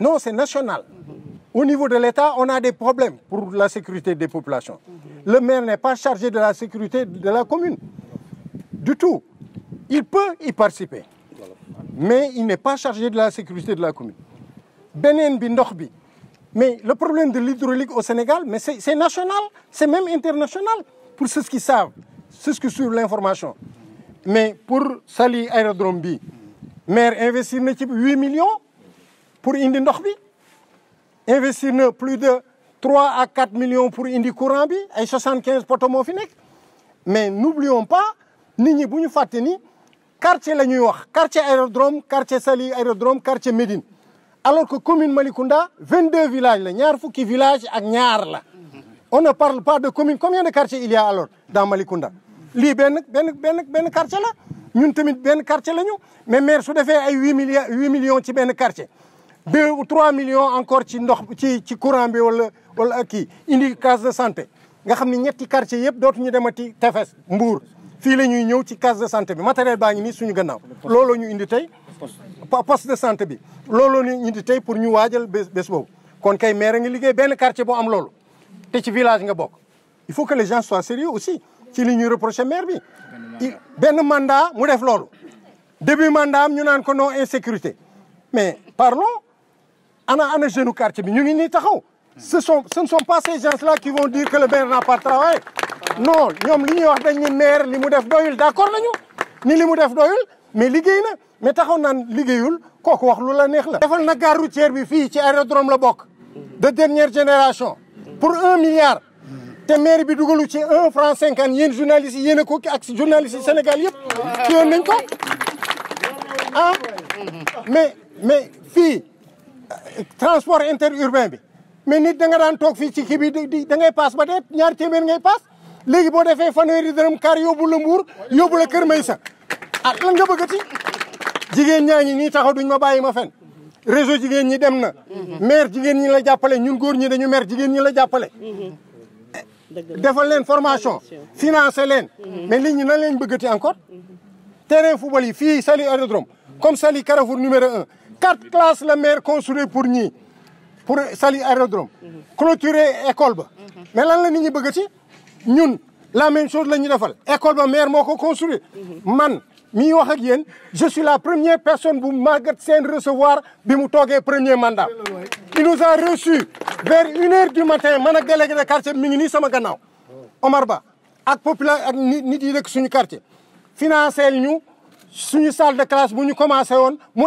Non, c'est national. Au niveau de l'État, on a des problèmes pour la sécurité des populations. Le maire n'est pas chargé de la sécurité de la commune. Du tout. Il peut y participer. Mais il n'est pas chargé de la sécurité de la commune. Mais le problème de l'hydraulique au Sénégal, mais c'est national, c'est même international, pour ceux qui savent, ceux qui suivent l'information. Mais pour Sali Aérodrome B, maire investit une équipe 8 millions, pour indi ndox bi investir plus de 3 à 4 millions pour indi courant bi ay soixante quinze mo fi mais n'oublions pas nit ñi bu ni quartier lañuy wax quartier aérodrome quartier sali aérodrome quartier Médine alors que commune Malikunda, 22 villages la ñaar fukki village ak ñaar la on ne parle pas de commune combien de quartiers il y a alors dans Malikunda? Li ben ben ben ben quartier la ñun tamit ben quartier lañu mais maire su défé ay huit millions ci ben quartier deux ou trois millions encore ci ndox ci ci courant bi wala wala ak kii indi case de santé nga xamni ñetti quartier yépp yëpp ñu demati tefes mbour fi lañuy ñëw ci case de santé bi matériel baa ngi nii suñu gannaaw looloo ñu indi tey poste de santé bi looloo ñu indi tey pour ñu waajal bés bés boobu kon kay maire a ngi liggéey benn quartier bo am loolu te ci village nga bokk il faut que les gens soient sérieux aussi ci li ñuy reproché maire bi benn mandat mu def loolu début mandat am ñu naan ko non insécurité mais parlons ana ana jeune quartier bi ñu ngi nii taxaw ce sont ce ne sont pas ces gens là qui vont dire que le maire n'a pas travaillé non ñoom li ñuy wax dañ ni maire li mu def doyul d'accord nañu ni li mu def doyul mais liggéey na mais taxaw naan liggéeyul kooku wax lu neex la defal na gare routière bi fi ci aérodrome la bok de dernière génération pour 1 milliard té maire bi dugalu ci 1 franc 50 yéen journalistes yi ko ak journalistes yi Sénégal yépp ci yoon nañ ko ah mais mais fi transport interurbain bi mais nit da nga daan toog fii ci kii bi di da ngay paas ba dee ñaar téeméer ngay paas léegi boo defee fanweeri dërëm kaar yóbbu la Mbuur yóbbu la Kër Maysa ah lan nga bëggati jigéen ñaa ñi nii taxaw duñ ma bàyyi ma fen réseau jigéen ñi dem na maire jigéen ñi la jàppale ñun góor ñi dañu maire jigéen ñi la jàppale defal leen formation financer leen mais nit ñi nan leen bëggati encore terrain football yi fii Saly aérodrome comme sali Carrefour numéro un quatre classes la maire construit pour nous, pour Sali aérodrome clôturer école mais lan la nit ñi la même chose la ñu defal école la maire m'a construit. man je suis la première personne bu Margaret Sen recevoir le premier mandat il nous a reçu vers une heure du matin man ak délégué de quartier mi ngi sama gannaaw Omar Ba ak popula ak nit yi dëkk suñu quartier sur ñu salle de classe bu ñu commencé mu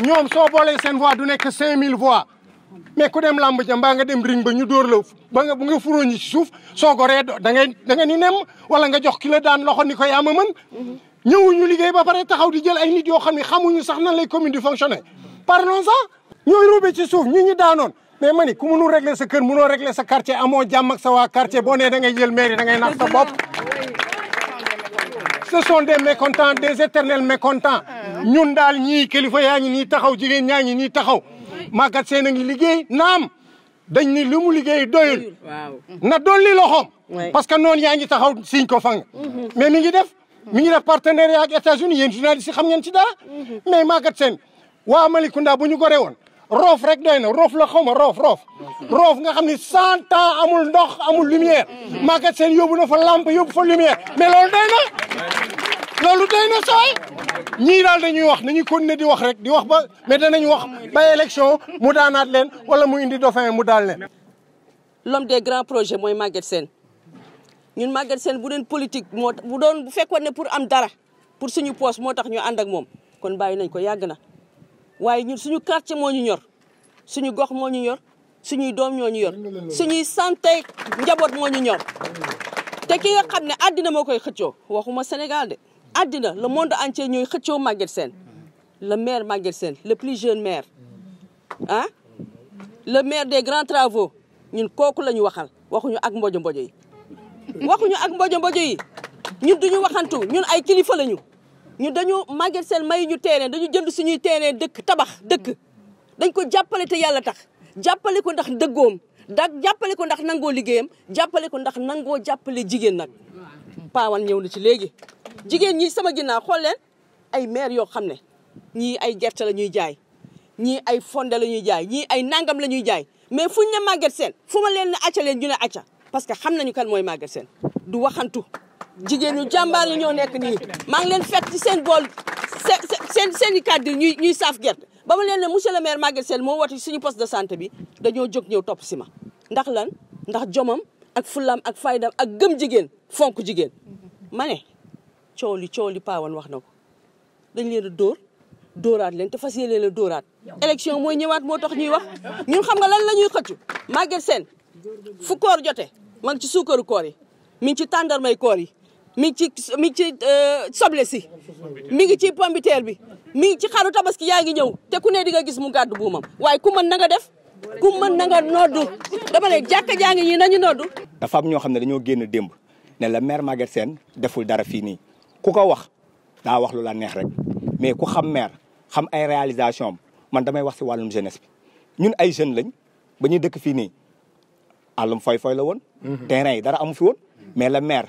ñoom soo boolee seen voix du nekk 5000 voix mais ku dem làmb ja nga dem ring ba ñu door la ba nga bu nga furoo ñi ci suuf soo goree da ni nem wala nga jox ki la daan loxo ni ko yaa man mën. ñëwuñu liggéey ba pare taxaw di jël ay nit yoo xam ne xamuñu sax na lay commune di fonctionner parlons ça ñooy ruube ci suuf ñi ñu daanoon mais mani ku mënul régler sa kër mënoo régler sa quartier amoo jàmm ak sa waa quartier boo nee da ngay jël mairie da ngay sa bopp. ce sont des mécontents des éternels mécontents ñun daal ñii kilifa yaa ngi nii taxaw jigéen ñaa ñi nii taxaw màggat seen a ngi liggéey naam dañ ni li mu liggéey doyul na dolli loxoom parce que noon yaa ngi taxaw siñ ko fang mhm. mais mi ngi def mi ngi def partenariat ak États-Unis yéen journalistes si xam ngeen ci dara mhm. mais màggat seen waa Malicounda bu ñu gore woon rof rek doyna rof la xaw rof rof rof nga xamni 100 ans amul ndox amul lumière Maguette sen yóbbu na fa lampe yóbbu fa lumière mais lolou doyna lolou doyna soy ñi dal dañuy wax nañu continuer di wax rek di wax ba mais danañ wax ba élection mu daanat leen wala mu indi dauphin mu daal leen l'homme des grands projets moy Maguette sen ñun Maguette sen bu den politique mo bu don bu fekkone pour am dara pour suñu poste motax ñu and ak mom kon bàyyi nañ ko yagna na waaye ñun suñu quartier moo ñu ñor suñu gox moo ñu ñor suñuy doom ñoo ñu yor suñuy santé njaboot moo ñu ñor te ki nga xam ne àddina moo koy xëccoo waxuma Sénégal de àddina la monde entier ñooy xëccoo Maguette Sène le maire Maguette Sène le plus jeune maire ah le maire des grands travaux ñun kooku la ñu waxal waxuñu ak mbojo mbojo yi waxuñu ak mbojo mbojo yi ñun duñu waxantu ñun ay kilifa lañu ñu dañu màgget seen may ñu terrain dañu jënd suñuy terrain dëkk tabax dëkk dañ ko jàppale te yàlla tax jàppale ko ndax dëggoom dak jàppale ko ndax nangoo liggéeyam jàppale ko ndax nangoo jàppale jigéen nag paawan ñëw na ci léegi jigéen ñi sama ginnaaw xool leen ay maire yoo xam ne ñii ay gerte lañuy jaay ñii ay fonde la ñuy jaay ñii ay nangam la ñuy jaay mais fuñ ne màgget seen fu ma leen ne acca leen ñu ne acca parce que xam nañu kan mooy màgget seen du waxantu jigéen ñu jàmbaar yi ñoo nekk nii maa ngi leen fekk ci seen bool seen seen i kàddu ñuy saaf gerte ba ma leen ne monsieur le maire Maguette Sène moo woote suñu poste de santé bi dañoo jog ñëw topp si ma ndax lan ndax jomam ak fulam ak faydam ak gëm jigéen fonk jigéen ma ne coow li coow wax na ko dañ leen door dóor dóoraat leen te fas yéene leen a dóoraat élection mooy ñëwaat moo tax ñuy wax ñun xam nga lan la ñuy xëccu Maguette Sène fu koor jote man ci suukaru koor yi mi ngi ci tàndarmay koor yi mi ci mi ci euh, soble si mi ngi ci pombiteer bi mi ngi ci xaru tabaski yaa ngi ñëw te ku ne di nga gis mu gàddu buumam waaye ku mën na nga def ku mën na nga noddu dama ne jàkka jaa ngi ñii nañu noddu. dafa am ñoo xam ne dañoo génn démb ne la maire Maguette seen deful dara fii nii ku ko wax daa wax lu la neex rek mais ku xam meer xam ay réalisation man damay wax si wàllum jeunesse bi ñun ay jeune lañ ba ñuy dëkk fii nii àllum foy foy la woon. Mhm. terrain yi dara amu fi woon mais la maire.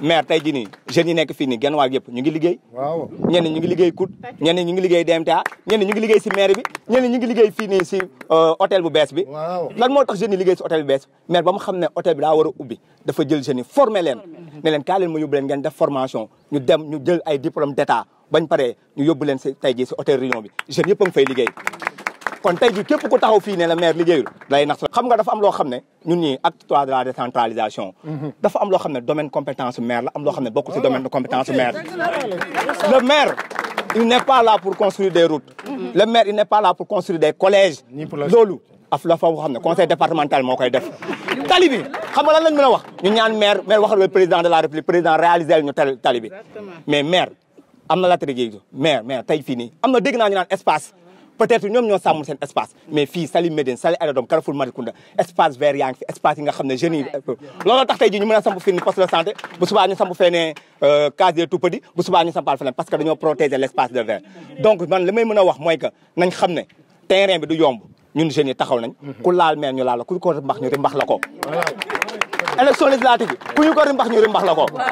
maire tey jii nii jeunes yi nekk fii nii genn wàll yëpp ñu ngi liggéey waaw ñenn ñu ngi liggéey COUD ñenn ñu ngi liggéey DMTA ñenn ñu ngi liggéey si maire bi ñenn ñu ngi liggéey fii nii si euh, hôtel bu bees bi lan moo tax jeunes yi liggéey si hôtel bu bees maire ba mu xam ne hôtel bi daa war a ubbi dafa jël jeunes yi formé leen ne leen kaa leen ma yóbbu leen ngeen def formation ñu dem ñu jël ay diplôme d'état bañ pare ñu yóbbu leen si tey jii si hôtel réunion bi jeunes yëpp fay liggéey kon tey jii képp ku taxaw fii ne la maire liggéeyul lay nax xam nga dafa am loo xam ne ñun ñii acte trois de la décentralisation dafa am loo xam ne domaine compétence maire la am loo xam ne bokkul ci domaine de compétence maire le maire il n'est pas là pour construire des routes le maire il n'est pas là pour construire des collèges loolu af la fa wax xam ne conseil départemental moo koy def tali bi xam nga lan lañ mën a wax ñu ñaan maire maire waxal le président de la république président réaliser ñu tali bi mais maire am na latéri gi maire maire tey fii nii am na dégg naa ñu naan espace peut-être ñom ñoo sàmmul sen espace mais fi salim medine sali Aérodrome Carrefour marikunda espace vert yang fi espace yi nga xam ne jeunes yi looloo tax tay ji ñu mëna a fi fii ni poste de santé bu suba ñu samp feneen euh, case des tout petit bu suba ñu sampal feneen parce que dañoo protéger l'espace de verre donc man li mëna wax moy que nañ xam terrain bi du yomb ñun jeunes yi taxaw nañ ku laal meer ñu laal ku ko mbax ñu rimbax la ko élection législative ku ñu ko rimbax ñu rimbax la ko